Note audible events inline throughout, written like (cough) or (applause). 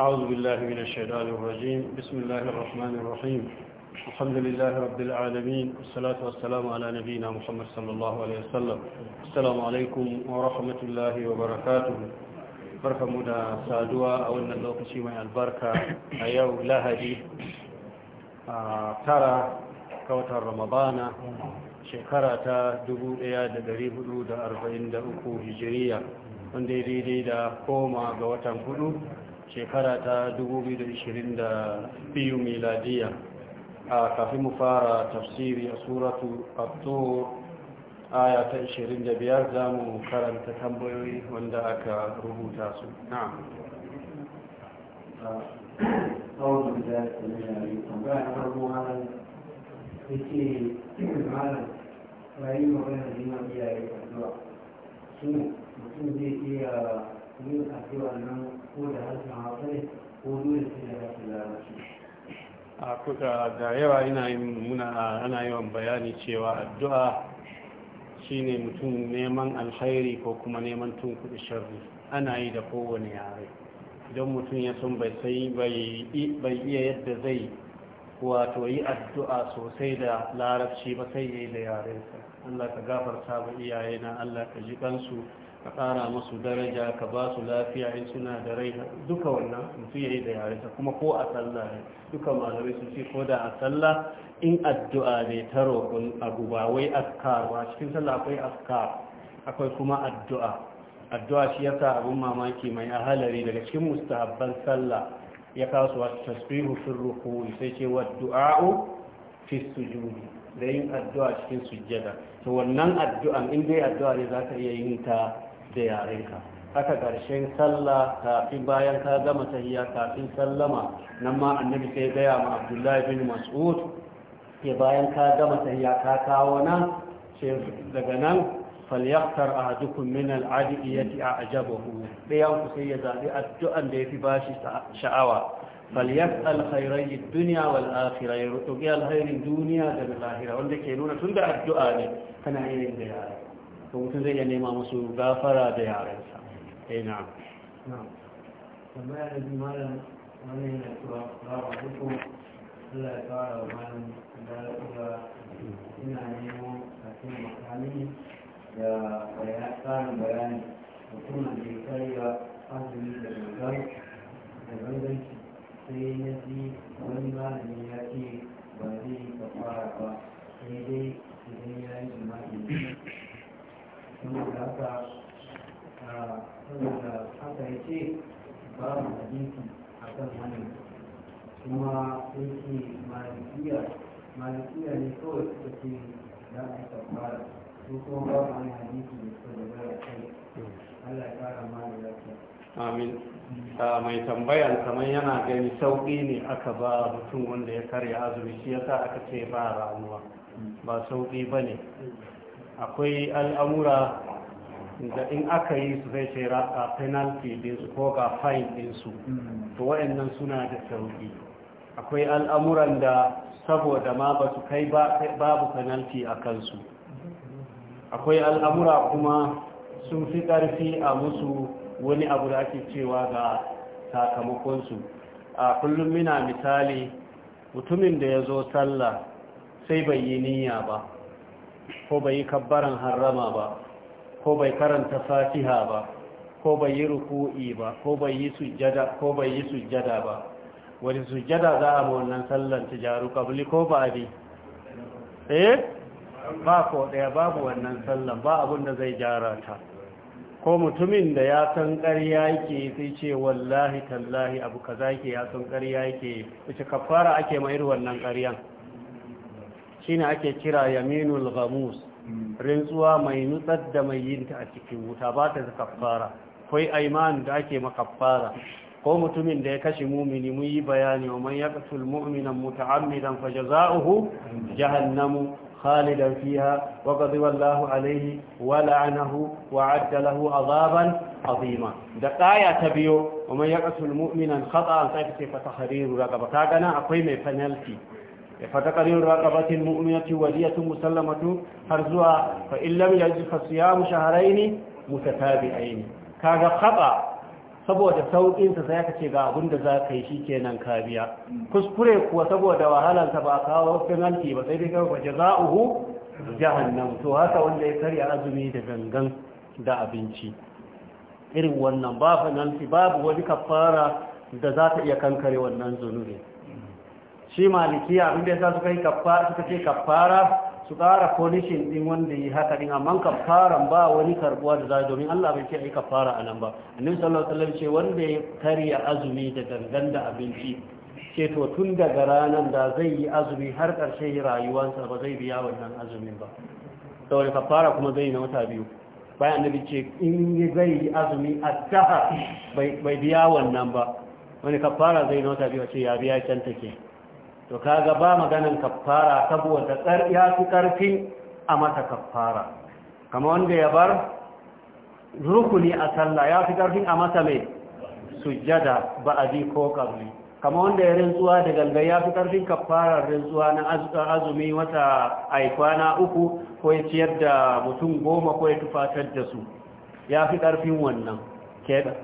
أعوذ بالله من الشيطان الرجيم بسم الله الرحمن الرحيم الحمد لله رب العالمين والصلاة والسلام على نبينا محمد صلى الله عليه وسلم السلام عليكم ورحمة الله وبركاته barkamu سادوا أو أن الله lokaci البركة albarka a آه، ترى lahadi رمضان tara ga إياد دريب shekara أربعين 1443 hijiriya wanda ya daidai da koma shekara ta 2022 miladiya a kafin mu fara tafsiri a suratu abdur aya ta 25 za mu karanta tambayoyi wanda aka rubuta su na'am tsawon da ya tambaya na farko malam ya ce malam rayu magana neman iyaye addu'a shin mutum zai iya kuma a ce wannan ko da harshen hausa ne ko dole sai da harshen larabci a kuka da yawa ina yin muna ana yawan bayani cewa addu'a shine mutum neman alkhairi ko kuma neman tun kuɗi sharri ana yi da kowane yare don mutum ya san bai sai bai iya yadda zai wato yi addu'a sosai da larabci ba sai yi da yarensa Allah ka gafarta ba iyaye na Allah ka ji kansu ka ƙara musu daraja ka ba su lafiya in suna da rai duka wannan mutum yayi da yarensa kuma ko a sallah ne duka malamai sun ce ko da a sallah in addu'a ne ta roƙon abu ba wai askar ba cikin sallah akwai askar akwai kuma addu'a addu'a shi yasa abun mamaki mai ahalari daga cikin mustahabban sallah ya kawo su wasu tasbihu fi ruku sai ce wa du'a'u fi sujudi da yin addu'a cikin sujjada to wannan addu'an in dai addu'a ne zaka iya yin ta da yarenka haka ƙarshen sallah kafin bayan ka gama tahiyya kafin sallama nan ma annabi sai gaya ma abdullahi bin mas'ud ke bayan ka gama tahiyya ka kawo nan daga nan فليختر أحدكم من التي أعجبه بيوك سيدا لأدو أن دي في باشي شعوة فليسأل خيري الدنيا والآخرة يرتقي الخير الدنيا والآخرة الآخرة وانده كينونة تند أدو آني فنعين دي آي فمتن زي أن إمام سوء غافر دي آي نعم نعم فما يعني ما لن أنه لا تعالى ومن دارتها إن عميمون فاتين مقامين da tsarin bayani mutumin da ya karya azumi da dogar da ganganci sai na ji wani malami ya ce ba zai ka fara ba sai dai idan ya yi jima'i saboda haka saboda haka ya ce babu hadisi a kan hannun kuma sai ce malikiya malikiya ne kawai suka ce za a yi amin mai tambayan kamar yana gani sauƙi ne aka ba mutum wanda ya karya azumi shi yasa aka ce ba ramuwa ba sauƙi ba ne akwai al'amura da in aka yi su zai ce a penalty dinsu ko ga fine dinsu to wa'annan suna da sauƙi akwai al'amuran da saboda ma ba su kai babu penalty a kansu akwai al'amura kuma sun fi ƙarfi a musu wani abu da ake cewa ga sakamakonsu a kullum mina misali mutumin da ya zo sallah sai bai yi niyya ba ko bai yi kabbaran harrama ba ko bai karanta fatiha ba ko bai yi ruku'i ba ko bai yi sujjada ba wani sujjada za a ma wannan sallan tijaru kabli ko ba eh ba ko ɗaya babu wannan sallan ba abun da zai gyara ta ko mutumin da ya san ƙarya yake sai ce wallahi tallahi abu kaza yake ya san ƙarya yake wace kafara ake mai wannan ƙaryan shine ake kira yaminul ghamus rintsuwa mai nutsar da mai yinta a cikin wuta ba ta kafara kai aiman da ake ma kafara ko mutumin da ya kashe mumini mun yi bayani wa man yaqtul mu'mina muta'ammidan fajaza'uhu jahannamu خالدا فيها وقد والله عليه ولعنه وعد له عذابا عظيما دقايا تبيو ومن يقتل مؤمنا خطا فكيف فتحرير رقبه كاغنا اكوي مي فنالتي فتقرير رقبة المؤمنة ودية مسلمة فرزها فإن لم يجد فصيام شهرين متتابعين كاغا خطأ saboda sauƙinsa sai aka ce ga abin da za ka yi shi kenan ka biya kuskure kuwa saboda wahalarsa ba kawo penalty ba sai dai kawai jaza'uhu jahannam to haka wanda ya karya azumi da gangan da abinci irin wannan ba penalty babu wani kafara da za ta iya kankare wannan zunubi shi malikiya abin da ya sa suka yi kafara suka ce kafara su ƙara polishin ɗin wanda yi haka ɗin amma ka fara ba wani karbuwa da zai domin Allah bai ce a yi ka fara a nan ba annabi sallallahu alaihi wasallam ce wanda ya karya azumi da dangan da abinci ce to tun daga ranar da zai yi azumi har ƙarshe rayuwarsa ba zai biya wannan azumin ba saboda fara kuma zai yi na wata biyu bayan annabi ce in zai yi azumi a taha bai biya wannan ba wani kafara zai na wata biyu ce ya biya can take to kaga ba maganin kaffara saboda ya fi ƙarfin a mata kaffara kama wanda ya bar rukuni a sallah ya fi ƙarfin a mata mai sujjada ba a ko ƙarni kama wanda ya rintsuwa da galgai ya fi ƙarfin kaffara rintsuwa na azumi wata na uku ko ya ciyar da mutum goma ko ya tufatar da su ya fi ƙarfin wannan keɗa.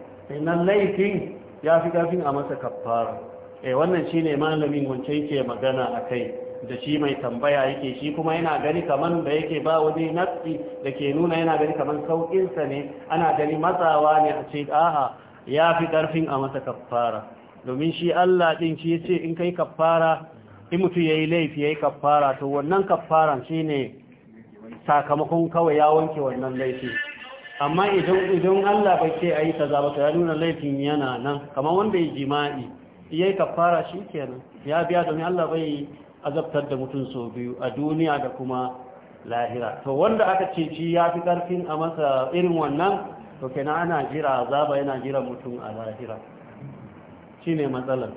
nan laifin ya fi ƙarfin a masa kaffara eh wannan shine malamin wance yake magana akai da shi mai tambaya yake shi kuma yana gani kaman da yake ba wani nafsi da ke nuna yana gani kaman saukinsa ne ana gani matsawa ne a ce aha ya fi ƙarfin a masa kaffara domin shi Allah ɗin shi ce in kai kaffara in mutu ya yi laifi ya yi kaffara to wannan kaffaran shi ne sakamakon kawai ya wanke wannan laifi amma idan Allah bai ce a yi ta zaba ya nuna laifin yana nan kamar wanda ya jima'i yayi kafara kenan ya biya domin Allah bai azabtar da mutum so biyu a duniya da kuma lahira to wanda aka ce shi ya fi karfin a masa irin wannan to kenan ana jira azaba yana jira mutum a lahira shine matsalar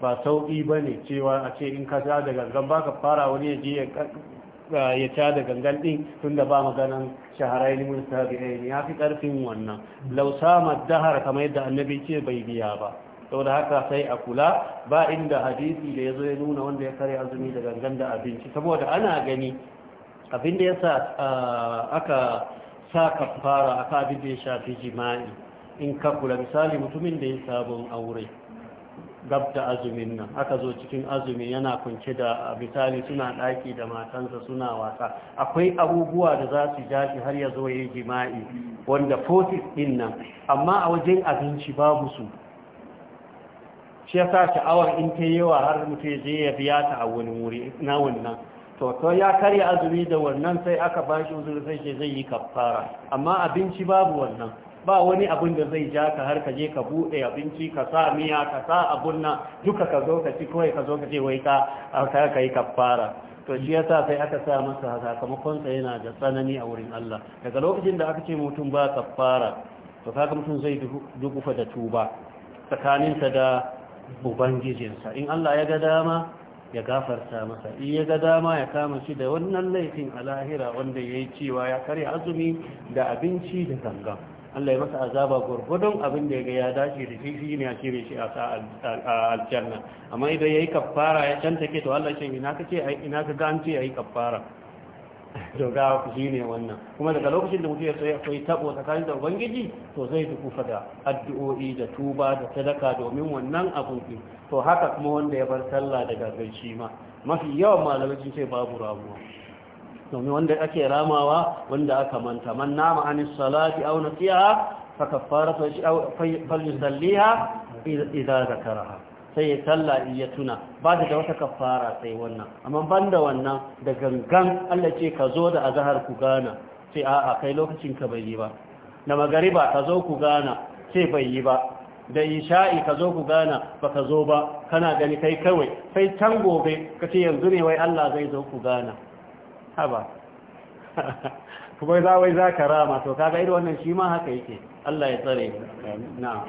ba sauƙi bane cewa a ce in ka daga gangan ba ka fara wani yaje ya ta da gangan ɗin tunda ba maganan shaharai limin sabi'ai ya fi ƙarfin wannan lausa dahar kamar yadda annabi ce bai biya ba saboda haka sai a kula ba inda hadisi da ya zo ya nuna wanda ya kare azumi da gangan da abinci saboda ana gani abinda ya sa ah, aka sa kafara aka abin da ya shafi jima'i in ka kula misali mutumin da ya sabon aure gab da azumin nan aka zo cikin azumi yana kunce da ah, misali suna ɗaki da matansa suna wasa akwai abubuwa da za su jashi har ya zo ya yi jima'i wanda fotis ɗin nan amma a wajen abinci babu su shi yasa sha'awar in ta yi wa har ya je ya biya ta a wani wuri na wannan to to ya karya azumi da wannan sai aka ba shi uzuri sai shi zai yi kafara amma abinci babu wannan ba wani abin da zai ja ka har ka je ka bude abinci ka sa miya ka sa abun nan duka ka zo ka ci kawai ka zo ka ce wai ka ka yi kafara to shi yasa sai aka sa masa sakamakon sa yana da tsanani a wurin Allah daga lokacin da aka ce mutum ba kafara to kaga mutum zai dukufa da tuba tsakaninsa da ubangijinsa in Allah ya ga dama ya gafarta masa in ya ga dama ya kama shi da wannan laifin a lahira wanda ya yi cewa ya karya azumi da abinci da gangan Allah ya masa azaba gurgudun abin da ya ga ya dace da shi shi ne a cire shi a aljanna amma idan ya yi kaffara ya canta ke to Allah ce ina ka ce ina ya yi kaffara (laughs) to shi ne wannan kuma daga lokacin da mutum ya sai akwai tabo tsakanin da ubangiji to zai kufa da addu'o'i da tuba da sadaka domin wannan abun din to haka kuma wanda ya bar sallah daga gaishe ma mafi yawan malamai sun ce babu ramuwa domin wanda ake ramawa wanda aka manta man nama anis salati aw nasiha fa kaffaratu fa yusalliha idza zakaraha sai ya salla in ya tuna ba da wata kafara sai wannan amma banda wannan da gangan Allah ce ka zo da azhar ku gana sai a'a kai lokacin ka bai yi ba da magariba ka zo ku gana sai bai yi ba da isha'i ka zo ku gana ba ka zo ba kana gani kai kawai sai can gobe ka ce yanzu ne wai Allah zai zo ku gana haba kuma (laughs) za wai za ka rama to kaga irin wannan shi ma haka yake Allah ya tsare na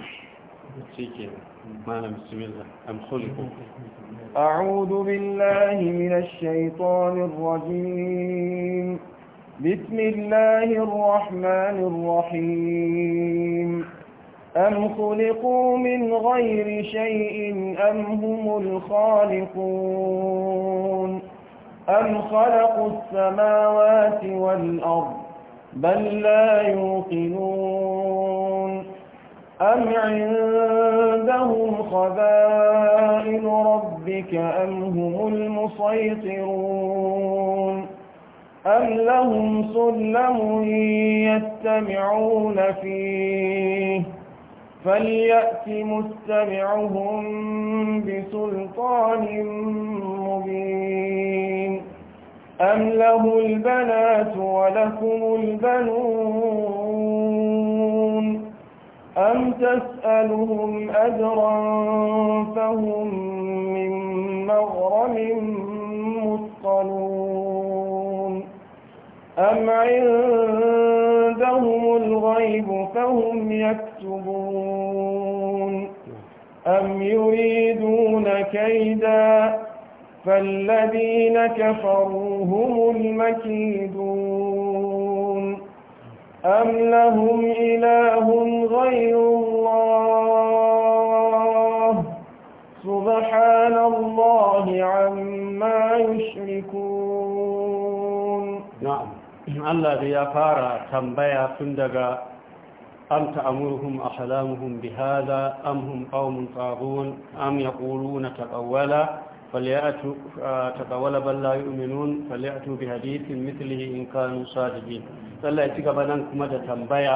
أعوذ بالله من الشيطان الرجيم بسم الله الرحمن الرحيم أم خلقوا من غير شيء أم هم الخالقون أم خلقوا السماوات والأرض بل لا يوقنون أم عندهم خبائن ربك أم هم المسيطرون أم لهم سلم يتبعون فيه فليأت مستمعهم بسلطان مبين أم له البنات ولكم البنون أم تسألهم أجرا فهم من مغرم مثقلون أم عندهم الغيب فهم يكتبون أم يريدون كيدا فالذين كفروا هم المكيدون أم لهم إله غير الله سبحان الله عما يشركون نعم الله يا فارا تنبيا تندقى أم تأمرهم أحلامهم بهذا أم هم قوم طاغون أم يقولون تقولا فليأتوا تقول بل لا يؤمنون فليأتوا بحديث مثله إن كانوا صادقين الله يتقب أنكم هذا تنبيع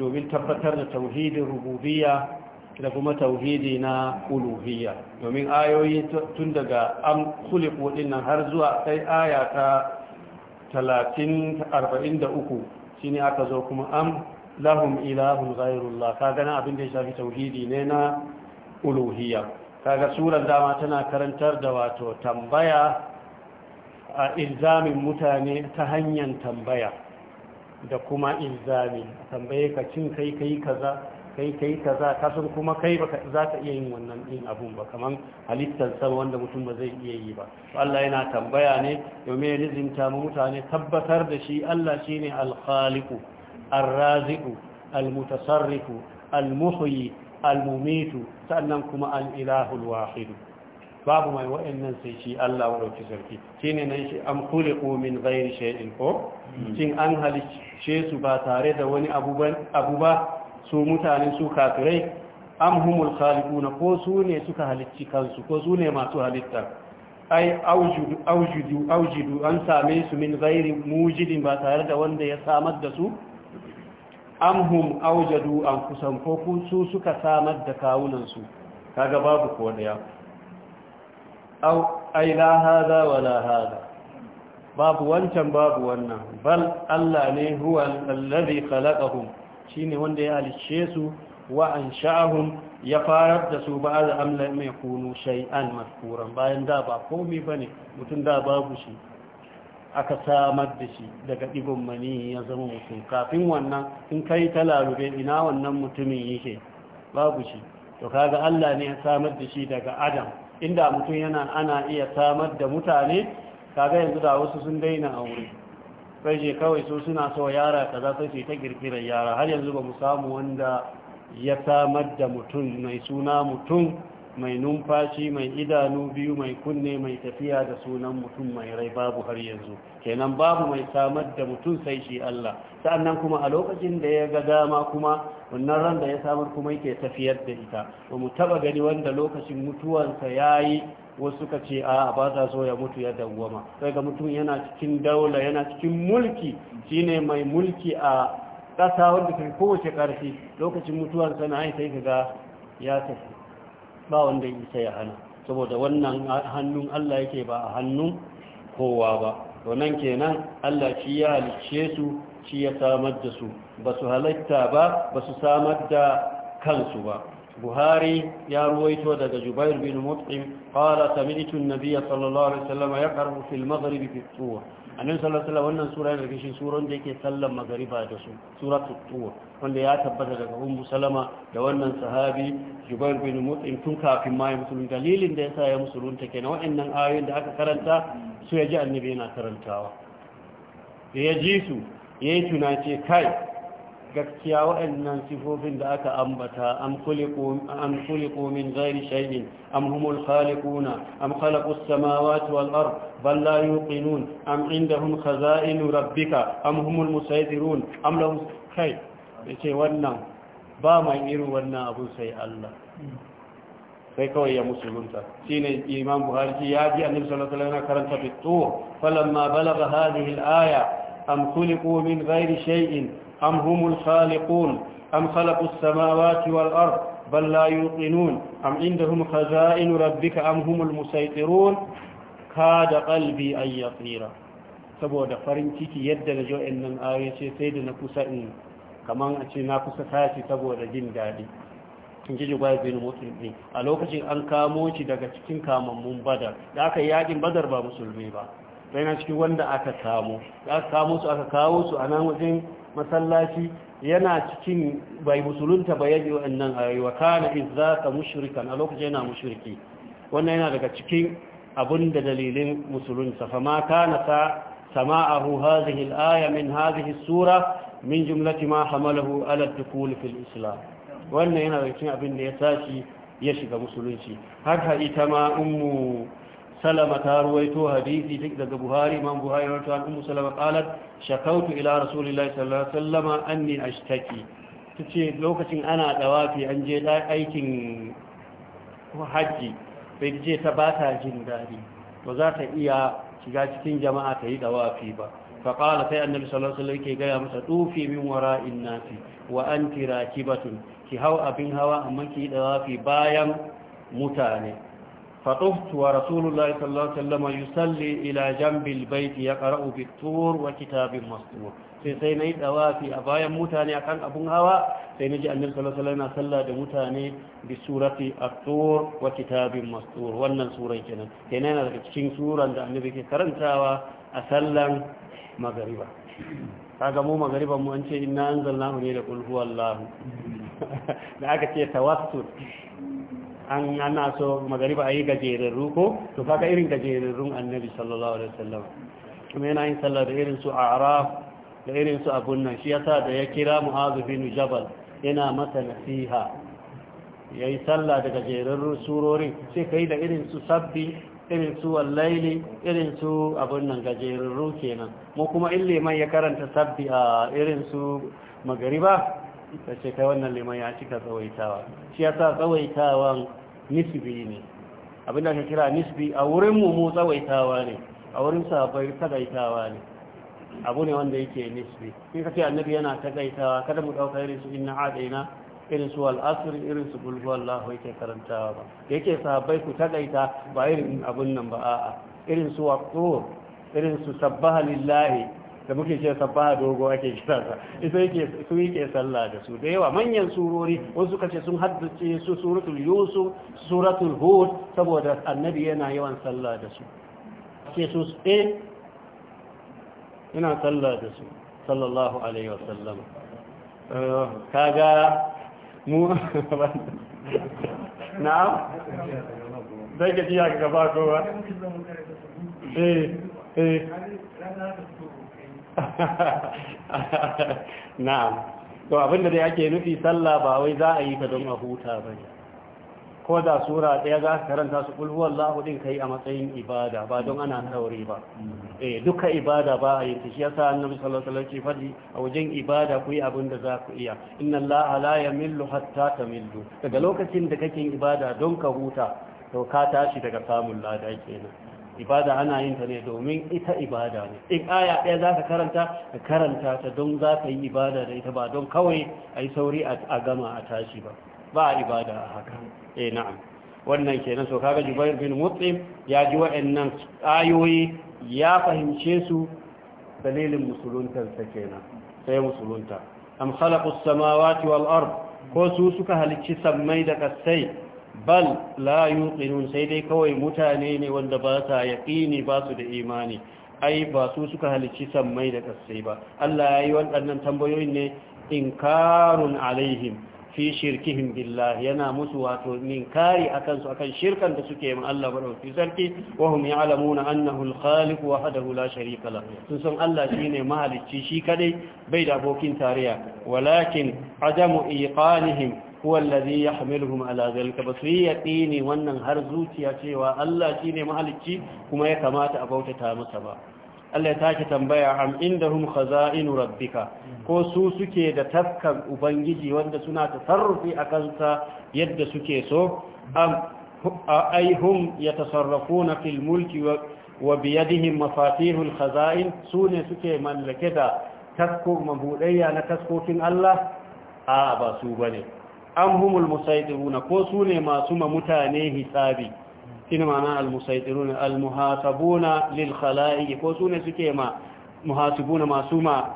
domin tabbatar da tauhidin rububiyya da kuma tauhidi na uluhiya. domin ayoyi tun daga an kuliku dinnan har zuwa sai da uku, 43 shine aka zo kuma am lahum ilahun ghairullah ka gana abin da ya shafi tauhidi ne na uluhiya. kaga surar dama tana karantar da wato tambaya a ilzamin mutane ta hanyar tambaya da kuma ilzami tambaye ka cin kai kai kaza kai kai kaza kasan kuma kai baka za ka iya yin wannan din abun ba kaman halittar sama wanda mutum ba zai iya yi ba Allah yana tambaya ne domin ya lizinta mutane tabbatar da shi Allah shine al-khaliqu ar-raziqu al-mutasarrifu al-muhyi al-mumitu sannan kuma al-ilahul wahid babu mai wa'annan sai shi Allah wa dauki sarki shine nan shi am khuliqu min ghairi shay'in ko shin an halice su ba tare da wani abu ba su mutanen su kafirai am humul khaliquna ko su ne suka halicci kansu ko su ne masu halitta ai aujudu aujudu aujudu an same su min ghairi mujidin ba tare da wanda ya samar da su amhum aujadu an kusan ko su suka samar da kawunansu kaga babu ko daya au ai la hada wala hada babu wancan babu wannan bal Allah ne huwa allazi khalaqahum shine wanda ya halicce su wa ansha'ahum ya farar da su ba'da amla mai kunu shay'an mafkuran bayan da ba komai bane mutun da babu shi aka samar da shi daga ɗigon mani ya zama mutum kafin wannan in kai ta larube ina wannan mutumin yake babu shi to kaga Allah ne ya samar da shi daga adam inda mutum yana ana iya samar da mutane kaga yanzu da wasu sun daina aure sai je kawai su suna so yara ka za su ta girgirar yara har yanzu ba mu samu wanda ya samar da mutum mai suna mutum mai numfashi mai idanu biyu mai kunne mai tafiya da sunan mutum mai rai babu har yanzu kenan babu mai samar da mutum sai shi Allah sa'annan kuma a lokacin da ya ga dama kuma wannan ran da ya samar kuma yake tafiyar da ita ba mu taba gani wanda lokacin mutuwansa yayi wasu suka ce a ba za so ya mutu ya dawwama sai ga mutum yana cikin daula yana cikin mulki shine mai mulki a ƙasa wanda kowace ƙarfi lokacin mutuwarsa na sai ga ya tafi ba wanda isa ya hana saboda wannan hannun Allah yake ba a hannun kowa ba wannan kenan Allah shi ya halicce su shi ya samar da su ba su halatta ba ba su samar da kansu ba buhari ya ruwaito daga jubair bin mut'im qala sami'tu an-nabiy sallallahu alaihi wasallam yaqra'u fil maghrib fi tuwa annabi sallallahu alaihi wannan sura ne daga suran da yake sallan magriba da su sura tuwa wanda ya tabbata daga ummu salama da wannan sahabi jubair bin mut'im tun kafin ma ya musulun dalilin da yasa ya musulunta kenan waɗannan ayoyin da aka karanta su ya ji annabi yana karantawa da ya ji su yayi tunace kai gaskiya waɗannan sifofin da aka ambata am kuliku min ghairi shay'in am humul khaliquna am khalaqus samawati wal ard bal la yuqinun am indahum khaza'inu rabbika am humul musaytirun am lahum kai yace wannan ba mai irin wannan abu sai Allah sai kawai ya musulunta shine imam buhari ya ji annabi sallallahu alaihi wasallam karanta fitu falamma balagha hadhihi al-aya am kuliku min ghairi shay'in أم هم الخالقون أم خلقوا السماوات والأرض بل لا يوقنون أم عندهم خزائن ربك أم هم المسيطرون كاد قلبي أن يطير saboda farin ciki yadda na jo'in nan ayoyi ce sai da na kusa in kamar a ce na kusa tashi saboda jin daɗi in ji jigwai bin musulmi a lokacin an kamo shi daga cikin kamammun badar da aka yaƙin badar ba musulmi ba yana cikin wanda aka kamo ya su aka kawo su a nan wajen masallaci yana cikin bai musulunta ba yaji wa'annan arewa kana izza ka mushrikan a lokacin yana mushriki wannan yana daga cikin abin da dalilin musulunta fa ma kana sa sama'ahu hadhihi al-aya min hadhihi sura min jumlati ma hamalahu ala dukul fil islam wannan yana daga cikin abin da ya tashi ya shiga musulunci har haka ita ma ummu salama ta ruwaito hadisi duk daga buhari man buhari an umu salama qalat shakawtu ila rasulillahi sallallahu alaihi wasallam anni tace lokacin ana dawafi an je aikin hajji, bai je ta bata jin daɗi. to za ta iya shiga cikin jama'a ta yi dawafi ba fa qala sai annabi sallallahu alaihi gaya masa tufi min wara'in nafi wa anti rakibatun ki hau abin hawa amma ki yi dawafi bayan mutane فطفت ورسول الله صلى الله عليه وسلم يصلي إلى جنب البيت يقرأ بالطور وكتاب مسطور sai sai na yi tsawafi a bayan mutane akan abun hawa sai na ji annabi sallallahu alaihi wasallam sallah da mutane bi surati at-tur wa kitabin mastur wannan suran kenan kenan yana daga cikin suran da annabi ke karantawa a sallan magariba kaga mu magariban mu an ce inna anzalnahu ne da qul huwallahu da aka ce tawassul an ana so magariba ayi gajerarru ko to kaga irin gajerarrun annabi sallallahu alaihi wasallam kuma yana yin sallah da irin su araf da irin su abun nan shi yasa da ya kira mu'adh bin jabal yana masa nasiha yayi sallah da gajerarru surorin sai kai da irin su sabbi irin su wallaili irin su abun nan gajerarru kenan mu kuma in liman ya karanta sabbi a irin su magariba ta ce kai wannan liman ya cika tsawaitawa shi yasa tsawaitawan nisbi ne abinda aka kira nisbi a wurin mu tsawaitawa ne a wurin sahabbai tagaitawa ne abu ne wanda yake nisbi in ka ce annabi yana tagaitawa kada mu dauka irin su inna adaina irin su al'asir irin su bulhu Allah yake karantawa ba yake sahabbai ku tagaita ba irin abun nan ba a'a irin su waqtur irin su sabbaha lillahi da muke ce sabba dogo ake kiransa ita yake su yake sallah da su da yawa manyan surori wasu suka sun haddace su suratul yusuf suratul hud saboda annabi yana yawan sallah da su ce su eh ina sallah da su sallallahu alaihi wasallam eh, kaga mu Na? zai ke ji ga gaba ba? eh eh (laughs) na'am to abinda dai ake nufi sallah ba wai za a yi ka don a huta ba ko da sura ɗaya za ka karanta su kulhu wallahu din kai a matsayin ibada ba don ana saurari ba eh duka ibada ba a yi ta shi yasa annabi sallallahu alaihi wasallam fadi a wajen ibada ku yi abin da za ku iya inna allaha la yamillu hatta tamillu daga lokacin da kake ibada don ka huta to ka tashi daga samun lada kenan ibada ana yin ta ne domin ita ibada ne in aya ɗaya za ka karanta ka karanta ta don za ka yi ibada da ita ba don kawai a yi sauri a gama a tashi ba ba ibada a haka eh na'am wannan kenan so kaga jubair bin mutsim ya ji wa'annan ayoyi ya fahimce su dalilin musuluntar ta kenan sai musulunta am khalaqu samawati wal ard ko su suka halicci sammai da kasai bal la yuqinun sai dai kawai mutane ne wanda ba sa yaqini ba su da imani ai ba su suka halicci sammai da kasai ba Allah ya yi waɗannan tambayoyin ne inkarun alaihim fi shirkihim billah yana musu wato ninkari akan su akan shirkan da suke yin Allah madauki sarki wa hum ya'lamuna annahu al-khaliq wahdahu la sharika la sun san Allah shine mahalicci shi kadai bai da abokin tarayya walakin adamu iqanihim huwa allazi yahmiluhum ala zalika basu yaqini wannan har zuciya cewa Allah shine mahalicci kuma ya kamata a bautata masa ba Allah ya take tambaya am indahum khaza'inu rabbika ko su suke da tafkan ubangiji wanda suna tasarrufi a kansa yadda suke so am aihum yatasarrafuna fil mulki wa biyadihim mafatihul khaza'in sune suke mallake da tafko mabudayya na taskokin Allah a ba su bane an humul musaitiruna ko su ne masu ma mutane hisabi shine ma'ana al-musaitiruna al-muhasabuna lil khala'i ko su ne suke ma muhasibuna masu ma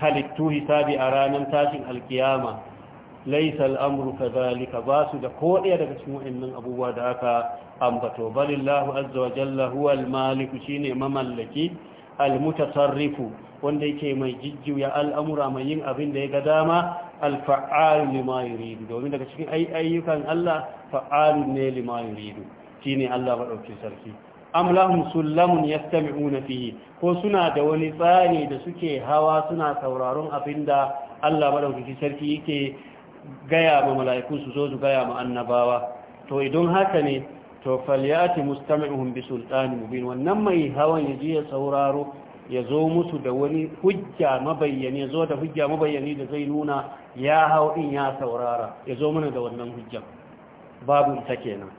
halittu hisabi a ranar tashin alkiyama laisa al'amuru ka zalika ba su da koɗaya daga cikin wa'annan abubuwa da aka ambato balillahu azza wa jalla huwa al-maliku shine mamallaki al-mutasarrifu wanda yake mai jijjiya al'amura mai yin abin da ya ga dama alfa'al lima yuridu domin daga cikin ayyukan Allah fa'al ne lima Shi shine Allah maɗauki sarki am lahum sullamun yastami'una fihi ko suna da wani tsari da suke hawa suna sauraron abinda Allah madaukakin sarki yake gaya ma mala'iku su zo su gaya ma annabawa to idan haka ne to falyati mustami'uhum bi sultani mubin wannan mai hawan yaji ya sauraro ya zo musu da wani hujja mabayyani ya zo da hujja mabayyani da zai nuna ya hau in ya saurara ya zo mana da wannan hujjan babu ita kenan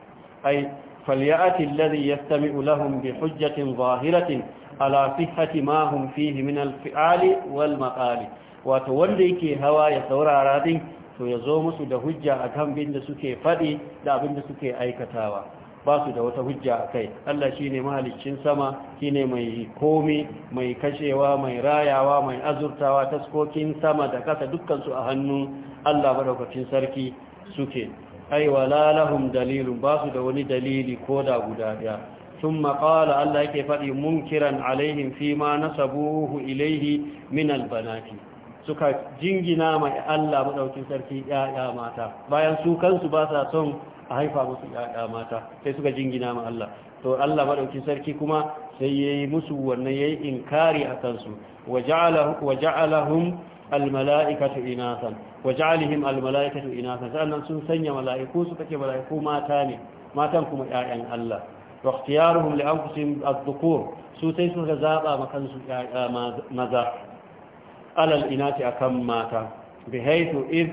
ai falyati alladhi yastami'u lahum bi hujjatin zahiratin ala sihhati ma hum fihi min al-fi'ali wal maqali wato wanda yake hawa ya saurara din to ya zo musu da hujja akan bin da suke fadi da abin da suke aikatawa ba su da wata hujja a kai Allah shi ne mahalicin sama shi ne mai komi mai kashewa mai rayawa mai azurtawa taskokin sama da kasa dukkansu a hannun Allah madaukakin sarki suke aiwa lalahum dalilun ba su da wani dalili ko da guda daya sun maƙala Allah yake faɗi munkiran alaihin fi ma nasabuhu ilaihi min albanati suka jingina mai Allah maɗaukin sarki ya'ya mata bayan su kansu ba sa son a haifa musu ƴaƴa mata sai suka jingina ma Allah to Allah madaukin sarki kuma sai yayi musu wannan yayi inkari a kansu waja'alahu waja'alahum almala'ikatu inasan waja'alihim almala'ikatu inasan sannan sun sanya mala'iku su ce mala'iku mata ne matan kuma ƴaƴan Allah wa ikhtiyaruhum li anfusihim adh-dhukur su sai suka zaba ma kansu maza alal inati akan mata bihaythu idh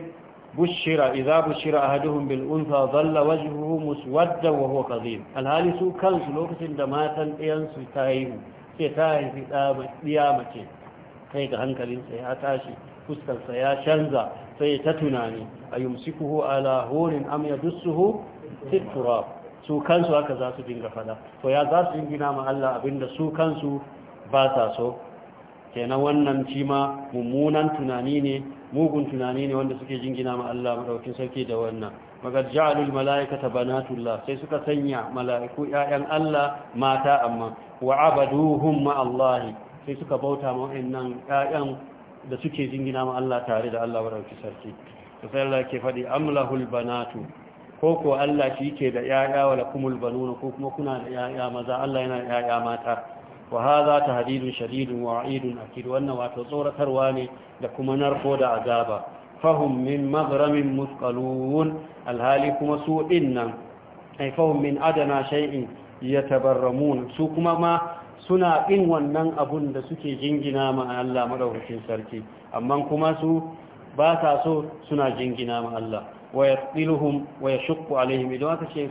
bushira idza bushira ahaduhum bil unsa dhalla wajhuhu muswadda wa alhali su kansu lokacin da matan ɗayan su ta yi sai ta haifi ɗiya mace kai ga hankalinsa ya tashi fuskarsa ya canza sai ta tunani a yumsikuhu ala horin am yadussuhu fit turab su kansu haka za su dinga fada to ya za su dingina ma Allah abinda su kansu basa sa so kenan wannan shi ma mummunan tunani ne mugun tunani ne wanda suke jingina ma Allah madaukin sarki da wannan magar ja'alul mala'ikata banatullah sai suka sanya mala'iku ƴaƴan Allah mata amma wa abaduhum ma Allah sai suka bauta ma wannan ƴaƴan da suke jingina ma Allah tare da Allah madaukin sarki to sai Allah ke faɗi amlahul banatu ko ko Allah shi ke da ƴaƴa wala kumul banuna ko kuma kuna da ƴaƴa maza Allah yana da ƴaƴa mata wa hadha tahdidun shadidun wa aidun akid wannan wato tsoratarwa ne da kuma narko da azaba fahum min maghramin musqalun alhali kuma su dinnan ay fahum min adana shay'in yatabarramun su kuma ma suna ɗin wannan abun da suke jingina ma Allah madaukakin sarki amma kuma su ba ta so suna jingina ma Allah wa yaqbiluhum wa yashqu alaihim idan aka ce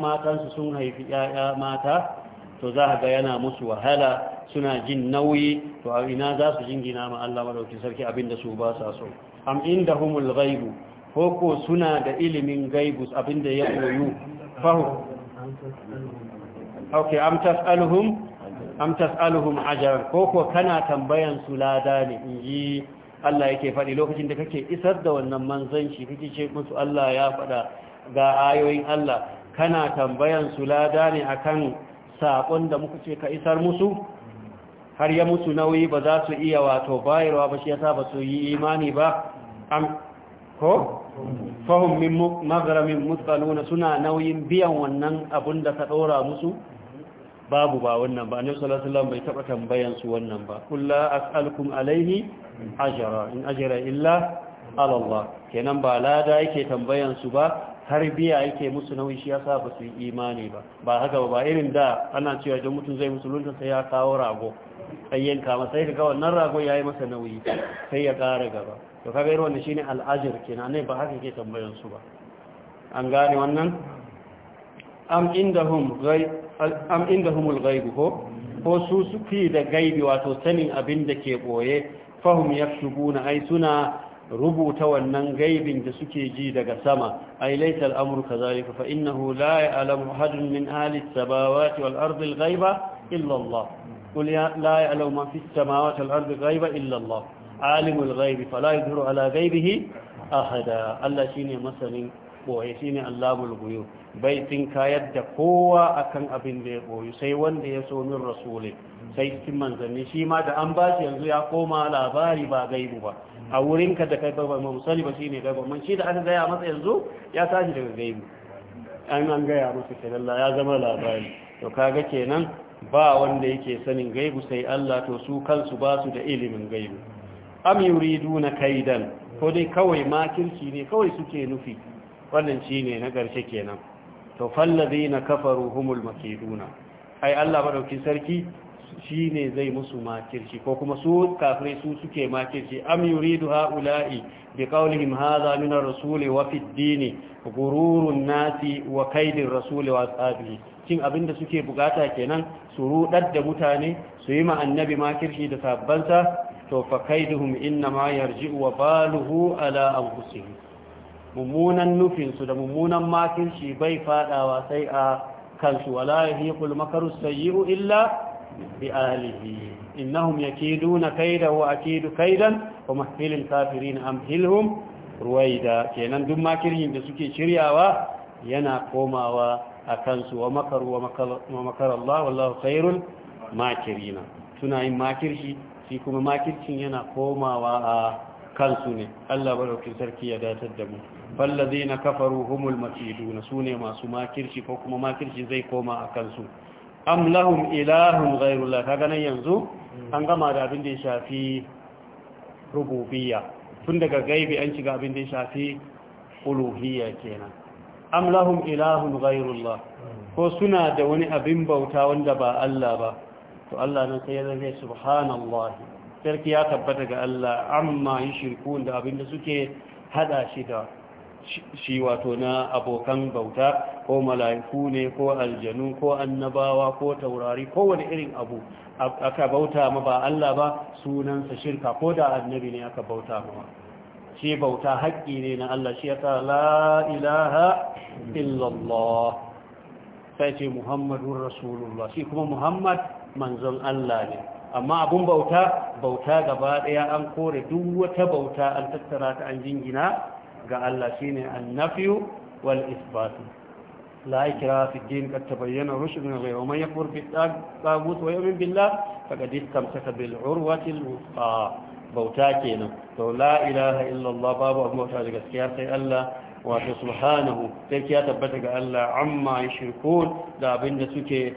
matansu sun haifi 'ya'ya mata to za ga yana musu wahala suna jin nauyi to a ina za su jingina ma Allah madaukin sarki abinda su ba sa so am humul ghaibu ko suna da ilimin gaibu abinda ya koyu fahu okay am tasaluhum am tasaluhum ajran ko kana tambayan su lada ne inji Allah yake faɗi lokacin da kake isar da wannan manzanci kake ce musu Allah ya faɗa ga ayoyin Allah kana tambayan su lada ne akan saƙon da muka ce ka isar musu har ya musu nauyi ba za su iya wato bayarwa ba shi yasa ba su yi imani ba am ko fahim min magharamin mutsaluna suna nauyin biyan wannan abun da ka ɗora musu babu ba wannan ba annabi sallallahu alaihi wasallam bai taɓa tambayan su wannan ba kullu as'alukum alaihi ajra in ajra illa ala Allah kenan ba lada yake tambayan su ba Har tarbiya yake musu nauyi shi yasa ba su yi imani ba ba haka ba irin da ana cewa don mutum zai musulunta sai ya kawo rago sai yanka masa sai ga wannan rago ya yi masa nauyi sai ya kara gaba to kaga irin wannan shine al'ajir kenan ne ba haka ke tambayan su ba an gane wannan am indahum ghaib am indahumul ghaib ko ko su suke da gaibi wato sanin abin da ke boye fahum yakshubuna ai suna rubuta wannan gaibin da suke ji daga sama ai laita al'amur ka zalika fa innahu la ya'lamu ahadun min ahli as wal ardi al-ghaiba illa Allah qul la samawati wal ardi al-ghaiba alimul ghaibi fala yudhiru ala ghaibihi ahada Allah shine masanin boye shine Allahul ghuyub bai tin kayar da kowa akan abin da ya boye sai wanda ya so min rasuli sai cikin manzanni shi ma da an bashi yanzu ya koma labari ba gaibu ba a wurinka da kai ba mu sani ba ne gaibu mun shi da aka gaya masa yanzu ya tashi daga gaibu an an gaya masa kenan ya zama labari to kaga kenan ba wanda yake sanin gaibu sai Allah to su kansu ba su da ilimin gaibu am yuriduna kaidan ko dai kawai makirci ne kawai suke nufi wannan shi ne na ƙarshe kenan to fallazina kafaru humul makiduna ai Allah madauki sarki shi ne zai musu makirci ko kuma su kafirai su suke makirci am yuridu haula'i bi qawlihim hadha min ar-rasuli wa fi ad-dini gururun nasi wa kaidir rasuli wa ashabihi cin abinda suke bukata kenan su rudar da mutane su yi ma annabi makirci da sabbansa to fa kaiduhum inna ma yarji'u wa baluhu ala anfusihim mummunan nufin su da mummunan makirci bai fadawa sai a kansu wala yahiqul makaru sayyi'u illa بآله إنهم يكيدون كيدا وأكيد كيدا ومهل الكافرين أمهلهم رويدا كينا دم ماكرين بسكي شريعوا ينا قوما وأكنس ومكر ومكر, ومكر الله والله خير ماكرين تنعين ماكرشي فيكم ماكرشي ينا قوما وأكنسني الله بلوكي سركي يدات الدمو فالذين كفروا هم المكيدون سوني ما سماكرشي فوكم ماكرشي زي قوما أكنسوا am lahum ilahun ghairullah kaga ganin yanzu an gama da abin da ya shafi rububiyya tun daga gaibi an shiga abin da ya shafi uluhiyya kenan am lahum ilahun ghairullah ko suna da wani abin bauta wanda ba Allah ba to Allah nan sai ya zama subhanallah sarki ya tabbata ga Allah amma shirku da abin da suke hada shi da shi wato na abokan bauta ko mala'iku ne ko aljanu ko annabawa ko taurari ko wani irin abu aka bauta ma ba Allah ba sunansa shirka ko da annabi ne aka bauta ma shi bauta haƙƙi ne na Allah shi yasa la ilaha illallah sai ce muhammadun rasulullah shi kuma muhammad manzon Allah ne amma abun bauta bauta gaba ɗaya an kore duk wata bauta an tattara ta an jingina ga Allah shine annafiyu wal isbatu la ikra fi din kad tabayyana rushd min ghayri man yakfur bi tagut wa yu'min billah faqad istamsaka bil urwati al wuthqa bauta kenan to la ilaha illa Allah babu abu mota gaskiya sai Allah wato subhanahu sai ya tabbata ga Allah amma yushrikun da abinda suke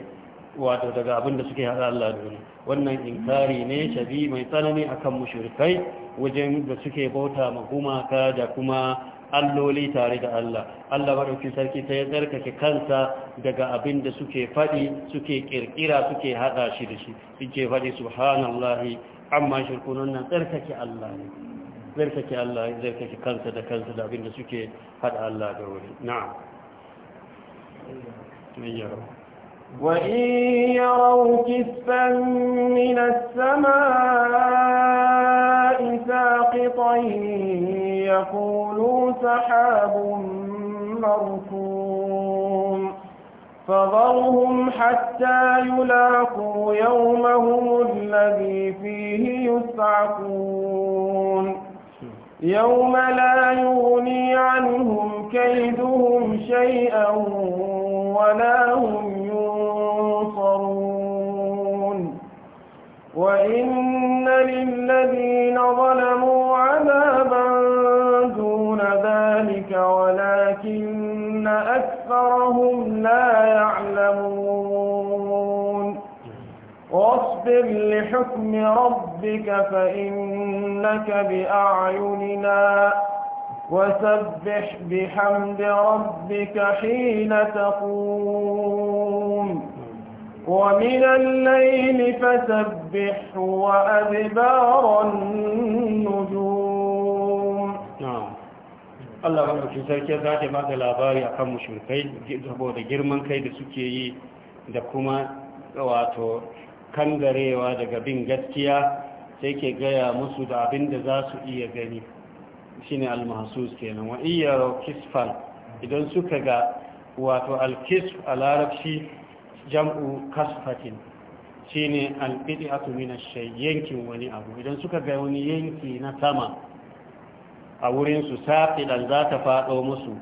wato daga abinda suke hada Allah da wannan inkari ne shabi mai tsanani akan mushrikai wajen da suke bauta ma gumaka da kuma alloli tare da Allah Allah madaukin sarki sai ya tsarkake kansa daga abin da suke fadi suke kirkira suke hada shi da shi suke fadi subhanallahi amma shirkunan nan tsarkake Allah ne tsarkake Allah tsarkake kansa da kansa da abin da suke hada Allah da wuri na'am ayyara وإن يروا كسفا من السماء ساقطا يقولوا سحاب مركوم فضرهم حتى يلاقوا يومهم الذي فيه يسعقون يوم لا يغني عنهم كيدهم شيئا ولا هم وإن للذين ظلموا عذابا دون ذلك ولكن أكثرهم لا يعلمون واصبر لحكم ربك فإنك بأعيننا وسبح بحمد ربك حين تقوم ومن الليل فسبح وأدبار النجوم نعم Allah mafi sarki za ta ba da labari a kan mashirkai saboda girman kai da suke yi da kuma wato kangarewa daga bin gaskiya sai ke gaya musu da abin da za su iya gani shine ne almahasus kenan wa idan suka ga wato alkisf a larabci jam'u kasfatin shine al a min ash-shay yankin wani abu idan suka ga wani yanki na sama a wurinsu su saqilan za ta fado musu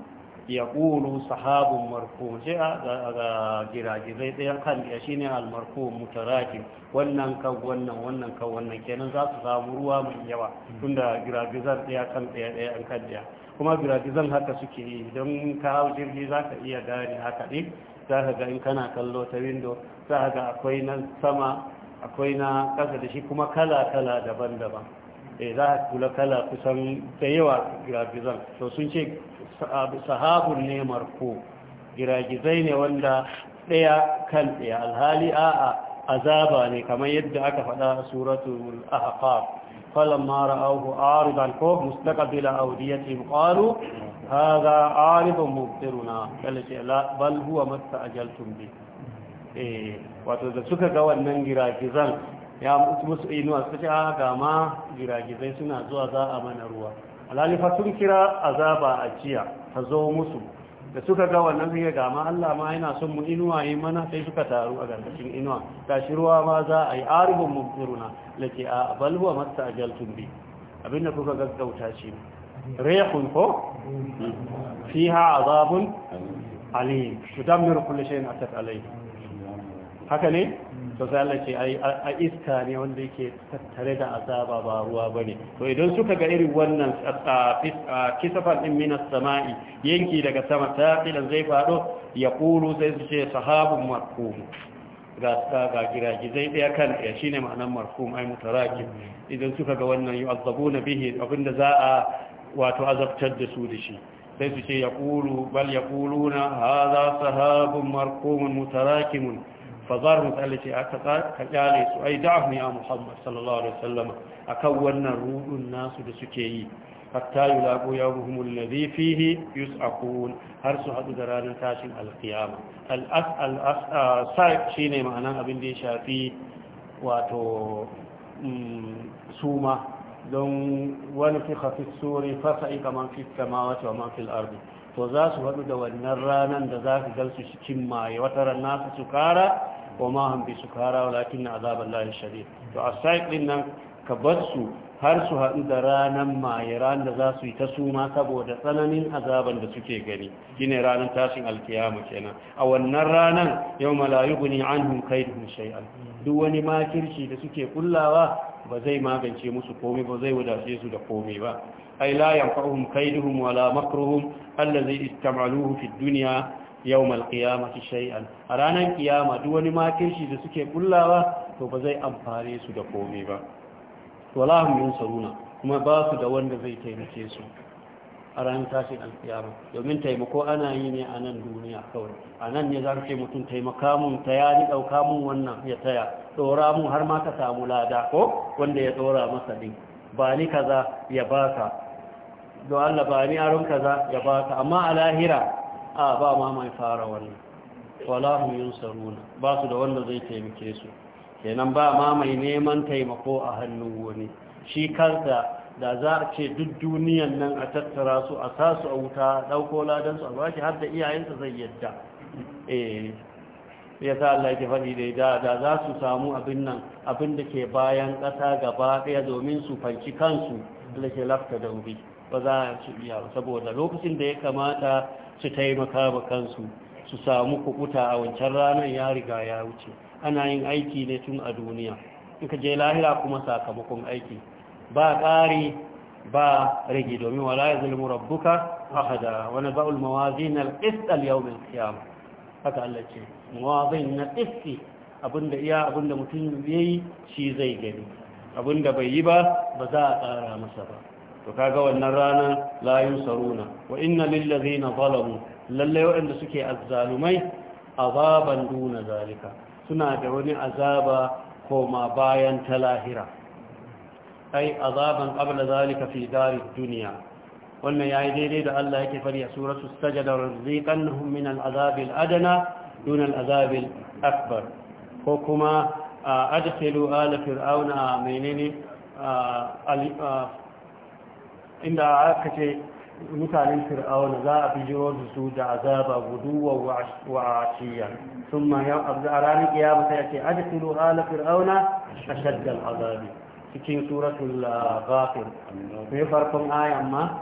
ya ƙulu sahabun marko a giragizai ɗaya kan ya shi ne almarko mutaraki wannan kan wannan wannan kan wannan kenan za su samu ruwa mai yawa tunda giragizan ɗaya kan ɗaya ɗaya an kan ɗaya kuma giragizan haka suke yi don ka hau jirgi za ka iya gane haka ne. za ka ga in kana kallo ta window. za ka ga akwai na sama akwai na kasa da shi kuma kala-kala daban-daban eh za ka kula kala kusan da yawa giragizan to sun ce sahabun ne marko giragizai ne wanda ɗaya kan ɗaya alhali a'a azaba ne kamar yadda aka faɗa a suratul ahqaf فلما رأوه عارضا كوف مستقبل أوديتهم قالوا هذا عارض مبطرنا قال شيء لا بل هو ما استعجلتم به eh wato da suka ga wannan giragizan ya musu inuwa suka ga ma giragizai suna zuwa za a mana ruwa alhalifa sun kira azaba a jiya ta zo musu da suka ga wannan suke ga ma Allah ma yana son mu inuwa yi mana sai suka taru a gargashin inuwa tashi ruwa ma za a yi arihun mubtiruna lake a balwa masta ajaltun bi abinda kuka gaggauta shi rehun ko fiha azabun alim tudammiru kulli shay'in atat haka ne to za Allah ce a iska ne wanda yake tattare da azaba ba ruwa ba ne. to idan suka ga irin wannan A kisafan din minas sama'i yanki daga sama ta filan zai faɗo. ya kulu sai su ce sahabun marhum ga ga giragi zai ɗaya kan ya shi ne ma'anar marhum ai mutarakin idan suka ga wannan yu'azzabuna bihi abinda za a wato azabtar da su da shi sai su ce ya kulu bal ya kuluna hadha sahabun marhumun mutarakimun fazar misali ce aka kyale su ai a ya muhammad sallallahu alaihi a kan wannan rudun nasu da suke yi hatta yulaqu yawmuhum alladhi fihi yus'aqun har su hadu da ranar tashin alqiyama al shi ne shine ma'anan abin da ya shafi wato mm, suma don wani fi khafis suri fasa'i kaman fi samawati wa man fil ardi to za su haɗu da wannan ranar da za ka gansu cikin maye wata rana su kara wa ma kara wa walakin na azabar lahi shari to a saikin nan ka bar su har su haɗu da ranar maye ranar da za su yi ta suma saboda tsananin azaban da suke gani Gine ranar tashin alkiyama kenan a wannan ranar yau malayu ne an kai da shai'an duk wani makirci da suke kullawa ba zai magance musu komai ba zai wadace su da komai ba أي لا ينفعهم كيدهم ولا مكرهم الذي استعملوه في الدنيا يوم القيامة شيئا أرانا القيامة دون ما كرشي دسكي كلها فبزي أمفاري سدقومي با ولا هم ينصرون كما باسو دوان بزي تيمتيسو أرانا تاسي القيامة يومين تيمكو أنا يني أنا الدنيا كون أنا نزار تيمتون تيمكامون تياني أو كامون ونا يتيا دورامون هرما تسامو لا داكو وان دي دورا مسلين ba ni kaza ya baka don Allah ba ni aron kaza ya baka amma a lahira a ba ma mai fara wannan walahum yunsaruna ba su da wanda zai taimake su kenan ba ma mai neman taimako a hannun wani shi kansa da za a ce duk duniyan nan a tattara su a sa su a wuta dauko ladan su a baki har da iyayensa zai yadda eh ya sa Allah ya faɗi da da za su samu abin nan abin da ke bayan ƙasa gaba ɗaya domin su fanci kansu lake lafta da wuri ba za a ci biya saboda lokacin da ya kamata su taimaka ba kansu su samu kukuta a wancan ranar ya riga ya wuce ana yin aiki ne tun a duniya in ka je lahira kuma sakamakon aiki ba ƙari ba rage domin wala ya zulmu rabbuka ahada wani ba'ul mawazin al-qist al-yawm qiyam haka Allah ce mawazin na qisti abinda iya abinda mutum yayi shi zai gani abin da bai yi ba ba za a tsara masa ba to kaga wannan ranar layun saruna wa inna lillazi na zalamu lallai waɗanda suke azzalumai azaban duna zalika suna da wani azaba koma bayan ta lahira ai azaban ƙabla zalika fi dari duniya. wannan yayi daidai da Allah yake fari a suratu sajda rizqanhum min al-azab adana, dunan al akbar ko kuma adkhilu ala fir'auna menene inda aka ce mutanen fir'auna za a bijiro da su da azaba gudu wa ashiya sun ma yau a ranar kiyama sai ake adkhilu ala fir'auna ashadda azabi cikin suratul ghafir me farkon aya ma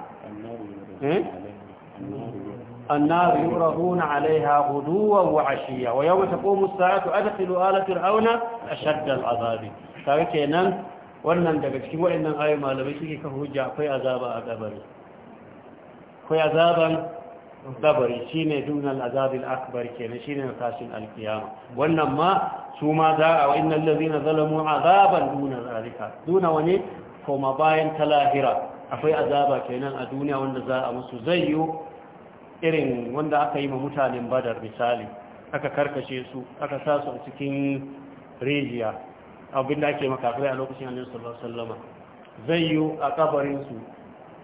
النار يؤرضون عليها غدوا وعشيا ويوم تقوم الساعة أدخلوا آل فرعون أشد العذاب فكينا wannan daga cikin waɗannan ayoyi malamai suke hujja akwai azaba a akwai azaban shine dunal azabil akbar kenan shine tashin alkiyama wannan ma su ma za a innal zalamu azaban duna zalika duna wani koma bayan ta lahira akwai azaba kenan a duniya wanda za a musu zai yiwu irin wanda aka yi ma mutanen badar misali aka karkashe su aka sa a cikin rijiya abin da ake makafai a lokacin annabi sallallahu alaihi wasallam zai yi a kabarin su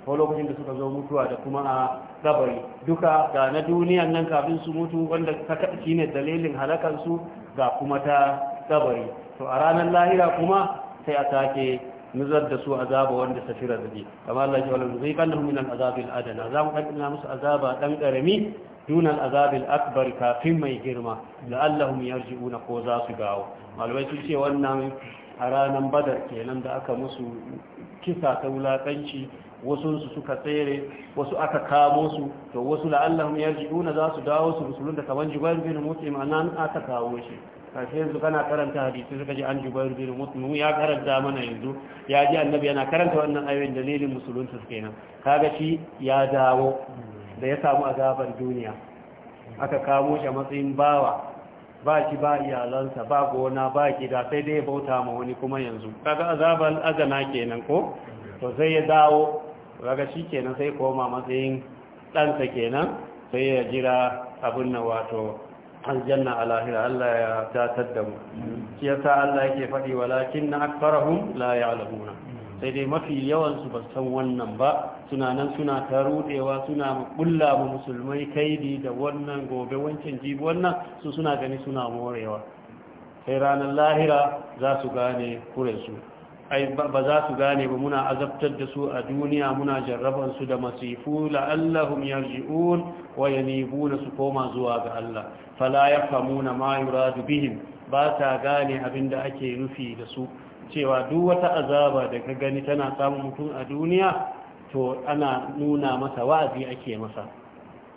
ko lokacin da suka zo mutuwa da kuma a kabari duka ga na duniyan nan kafin su mutu wanda ka kaɗa ne dalilin halakar su ga kuma ta kabari to a ranar lahira kuma sai a sake nuzar da su azaba wanda safira zabi Kamar Allah ya wallahu zai kanna min al-azab adana za mu kaddina musu azaba dan karami dun azabil akbar kafin mai girma la'allahum yarji'una ko za su gawo malwai sun ce wannan a ranar badar kenan da aka musu kisa ta wulakanci wasu su suka tsere wasu aka kamo su to wasu la'allahum yarji'una za su dawo su musulun da kaman jibal bin mut'im anan aka kawo shi kashe yanzu kana karanta hadisi suka ji an jubar bin mutmu ya karanta mana yanzu ya ji annabi yana karanta wannan ayoyin dalilin musulunci su kenan kaga shi ya dawo da ya samu azabar duniya aka kamo shi a matsayin bawa ba shi ba iyalansa ba gona ba gida sai dai bauta ma wani kuma yanzu kaga azabar azana kenan ko to sai ya dawo kaga shi kenan sai koma matsayin ɗansa kenan sai ya jira abin nan wato aljanna a lahira Allah ya datar da mu shi yasa Allah yake faɗi lakin na aktarahum la ya'lamuna sai dai mafi yawan su ba san wannan ba suna nan suna ta rudewa suna bulla mu musulmai kaidi da wannan gobe wancan jibi wannan su suna gani suna morewa sai ranar lahira za su gane su. ba za su gane ba muna azabtar da su a duniya muna jarrabansu su da masifu la'allahum yarji'un wa yanibuna su koma zuwa ga Allah fala yafhamuna ma yuradu bihim ba ta gane abinda ake nufi da su cewa duk wata azaba da ka gani tana samun mutum a duniya to ana nuna masa wa'azi ake masa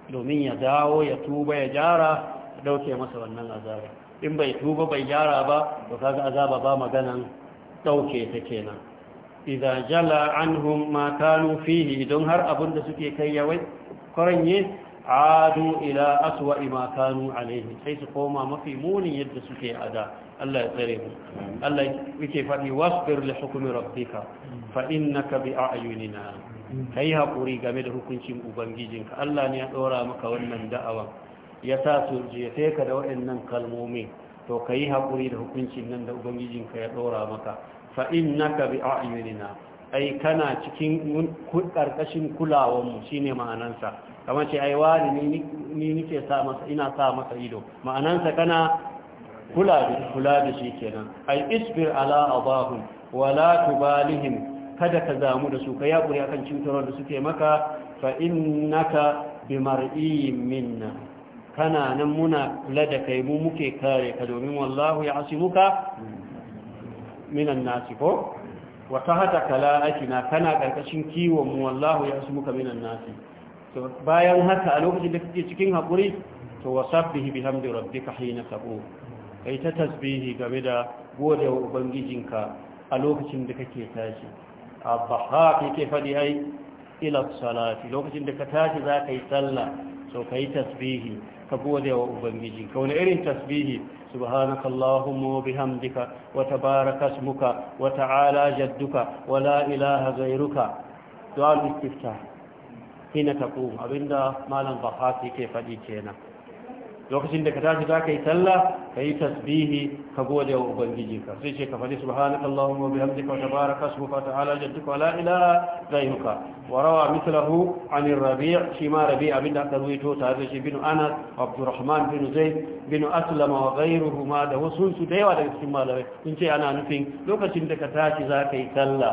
domin ya dawo ya tuba ya gyara dauke masa wannan azaba in bai tuba bai gyara ba to kaga azaba ba maganan ɗauke ta kenan Idan jala an ma kanu fihi don har abin da suke kai yawai koranye adu ila aswa ma a alaihi sai su koma mafi munin yadda suke da. Allah ya tsare mu Allah yake faɗi wasbir li hukmi rabbika na ka bi a'yunina yi hakuri game da hukuncin ubangijinka Allah ne ya ɗora maka wannan da'awa ya sa su jefe ka da waɗannan kalmomi to ka yi haƙuri da hukuncin nan da ubangijinka ya ɗora maka fa'in na ka bi a ayyunina ai kana cikin ƙarƙashin kulawanmu shi ne ma'anansa kamar ce ai ni nike ina sa masa ido ma'anansa kana kula da shi kenan ai isbir ala abahun wala tubalihim kada ka zamu da su ka haƙuri akan cutarwar da suke maka fa innaka bi mar'i minna kana nan muna kula da kai mu muke kare ka domin wallahu ya asimuka minan nasi ko wata hata kala akina kana karkashin kiwon mu wallahu ya asimuka minan nasi to bayan haka a lokacin da kake cikin haƙuri to wasabbihi bihamdi rabbika hina tabu kai ta tasbihi game da gode wa ubangijinka a lokacin da kake tashi A abba yake faɗi ai ila salati lokacin da ka tashi za ka yi sallah so ka yi tasbihi ka gode wa ubangiji ka wani irin tasbihi subhanaka allahumma wa bihamdika wa tabaraka ismuka wa ta'ala jadduka wa la ilaha ghayruka du'a istiftah hina taqum abinda malam bahati ke fadi kenan lokacin da ka tashi za ka yi talla ka yi tasbihi ka gode wa ubangiji ka sai ce ka faɗi subhanaka allahumma bihamdika wa tabaraka ismuka wa ta'ala jadduka wa la ilaha ghayruka wa rawa mithlahu an ar-rabi' shi ma rabi' abin da aka tare da shi bin anas abdurrahman bin zaid bin aslama wa ghayruhu ma da wasu su da yawa daga cikin malamai sun ce ana nufin lokacin da ka tashi za ka yi talla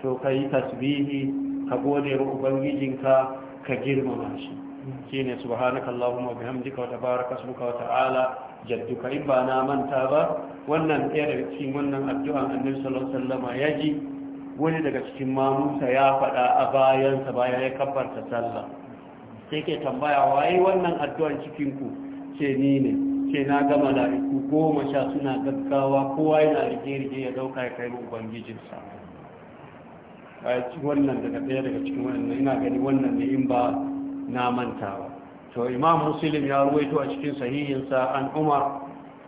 to ka yi tasbihi ka gode wa ubangijinka ka girmama shi shine subhanaka allahumma bihamdika wa tabaraka ismuka wa ta'ala jadduka in ba na manta ba wannan ɗaya daga cikin wannan addu'an annabi sallallahu alaihi wasallam ya ji wani daga cikin mamunsa ya faɗa a bayansa bayan ya kabbarta sallah sai ke tambaya waye wannan addu'an cikin ku ce ni ne ce na ga mala'iku goma sha suna gaggawa kowa yana rige-rige ya dauka ya kai sa a wannan daga ɗaya daga cikin wannan ina gani wannan ne in ba na mantawa to imam muslim ya ruwaito a cikin sahihinsa an umar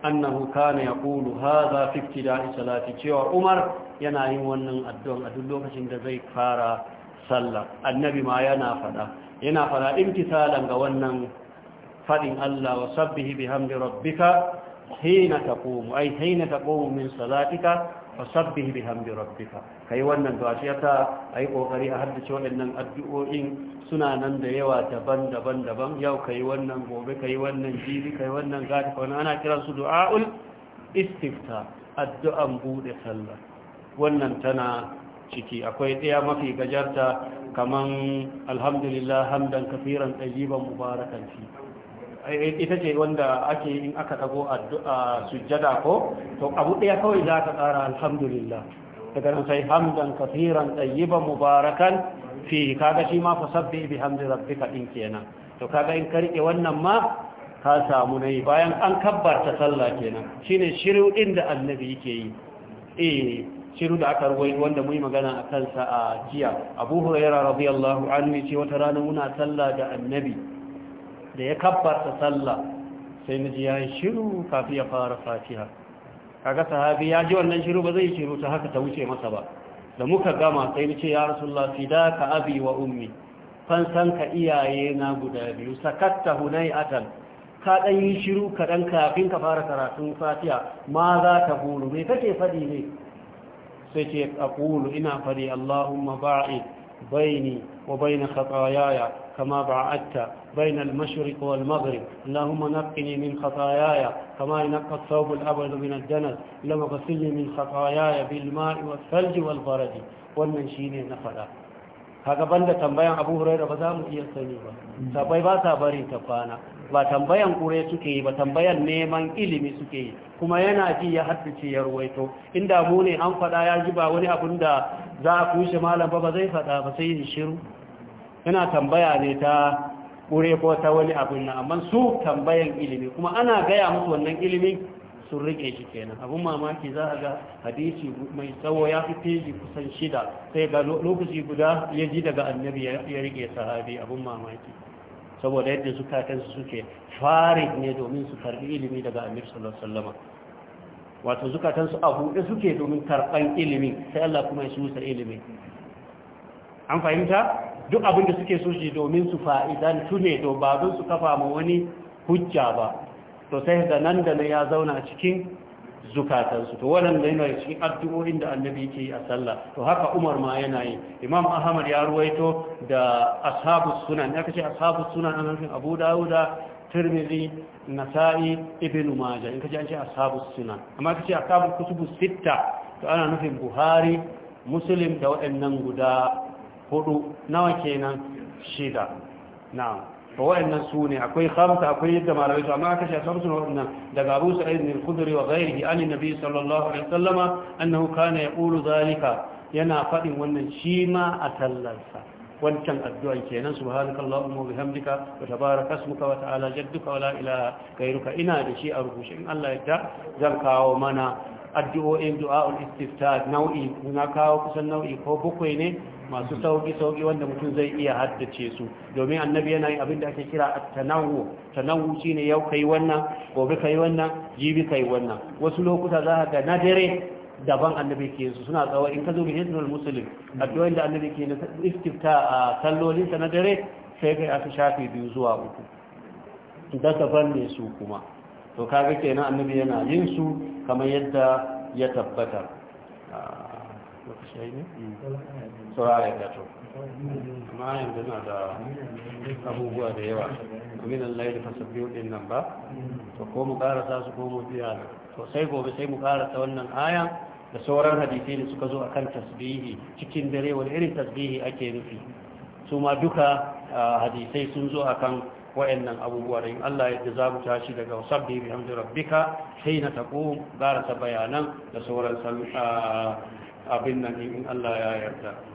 annahu kana yaqulu hadha fi ibtida'i salati cewa umar yana yin wannan addu'a a duk lokacin da zai fara sallah annabi ma yana fada yana fada imtisalan ga wannan fadin Allah wa sabbihi bihamdi rabbika hina taqumu ay hina taqumu min salatika fasabbihi bihamdi rabbika kai wannan du'a ta ai kokari a haddace waɗannan addu'o'in suna nan da yawa daban-daban daban yau kai wannan gobe kai wannan jibi kai wannan gata wannan ana kiransu su du'a'ul istifta addu'an bude sallah wannan tana ciki akwai ɗaya mafi gajarta kaman alhamdulillah hamdan kafiran ɗajiban mubarakan fi ita ce wanda ake in aka tago addu'a sujjada ko to abu daya kawai za ka tsara alhamdulillah daga nan sai hamdan kafiran ɗajiban mubarakan fi kaga shi ma fasabbi bihamdi rabbika din kenan to kaga in ka wannan ma ka samu nayi bayan an kabbarta sallah kenan shine shiru din da annabi yake yi eh shiru da aka ruwaito wanda mu yi magana a kansa a jiya Abu Hurairah radiyallahu anhu ce wata rana muna sallah da annabi da ya kabbarta sallah sai naji ya shiru kafin ya fara fatiha kaga sahabi ya ji wannan shiru ba zai shiru ta haka ta wuce masa ba da muka gama sai ni ce ya rasulullah ka abi wa ummi san ka iyaye na guda biyu sakatta hunai atan ka dan yi shiru ka dan kafin ka fara karatun fatiha ma za ta hulu me kake fadi ne sai ce aqulu ina fadi allahumma ba'id baini wa bain khataayaya كما بعدت بين المشرق والمغرب اللهم نقني من خطاياي كما ينقى الثوب الأبيض من الدنس اللهم اغسلني من خطاياي بالماء والثلج والبرد wannan shine na fada kaga banda tambayan Abu Hurairah ba za mu iya sani ba sabai ba sa bari ta kwana ba tambayan kure suke yi ba tambayan neman ilimi suke yi kuma yana ji ya haddace ya ruwaito inda mu ne an fada ya ji ba wani abun da za a kushe malam ba ba zai fada ba sai shiru yana tambaya ne ta ƙure ko ta wani abin nan amma su tambayan ilimi kuma ana gaya musu wannan ilimi sun rike shi kenan abin mamaki za a ga hadisi mai tsawo ya fi feji kusan shida sai ga lokaci guda ya ji daga annabi ya rike sahabi abin mamaki saboda yadda zukatansu suke farin ne domin su karbi ilimi daga Amir sallallahu wato wato a buɗe suke domin karɓan ilimi sai Allah kuma ya susa ilimi an fahimta duk abinda suke so shi domin su fa'idan tune to ba don su kafa ma wani hujja ba to sai da nan da nan ya zauna a cikin zukatansu to wannan da yana cikin addu'o'in da annabi ke yi a sallah to haka Umar ma yana yi Imam Ahmad ya ruwaito da ashabus sunan ya kace ashabus sunan an rufin Abu Dawuda Tirmidhi Nasa'i Ibn maja in kace an ce ashabus sunan amma kace ashabus kutubu sitta to ana nufin Buhari Muslim da waɗannan guda hudu nawa kenan shida na'am to wayannan su ne akwai khamsa akwai yadda malamai su amma aka shafa musu wannan daga Abu Sa'id al-Khudri wa ghairihi an Nabi sallallahu alaihi wasallama annahu kana yaqulu zalika yana fadin wannan shi ma a tallarsa wancan addu'an kenan subhanakallahumma wa bihamdika wa tabaraka ismuka wa ta'ala jadduka wa la gairuka. ina da shi a rubuce in Allah ya da zan kawo mana addu'o'in du'a'ul istiftah nau'i na kawo kusan nau'i ko bakwai ne masu sauki-sauki wanda mutum zai iya haddace su domin annabi yana yin abin da ake kira a tanawu tanawu shi ne yau kai wannan gobe kai wannan jibi kai wannan wasu lokuta za ga na dare daban annabi ke su suna tsawo in ka zo bihin sunan musulun addu'o'in da annabi ke na iskifta a sallolinsa na dare sai kai aka shafi biyu zuwa uku daban ne su kuma to kaga kenan annabi yana yin su kamar yadda ya tabbata ah, saurara ya kato amma yanzu na da abubuwa da yawa amin Allah da fasabbiyu din nan ba to ko mu karasa su ko mu biya to sai gobe sai mu karasa wannan aya da sauran hadisai da suka zo akan tasbihi cikin dare wani irin tasbihi ake nufi su ma duka hadisai sun zo akan wa'annan abubuwa da in Allah ya za mu tashi daga sabbi bi hamdi rabbika sai na tako garasa bayanan da sauran abin nan in Allah ya yarda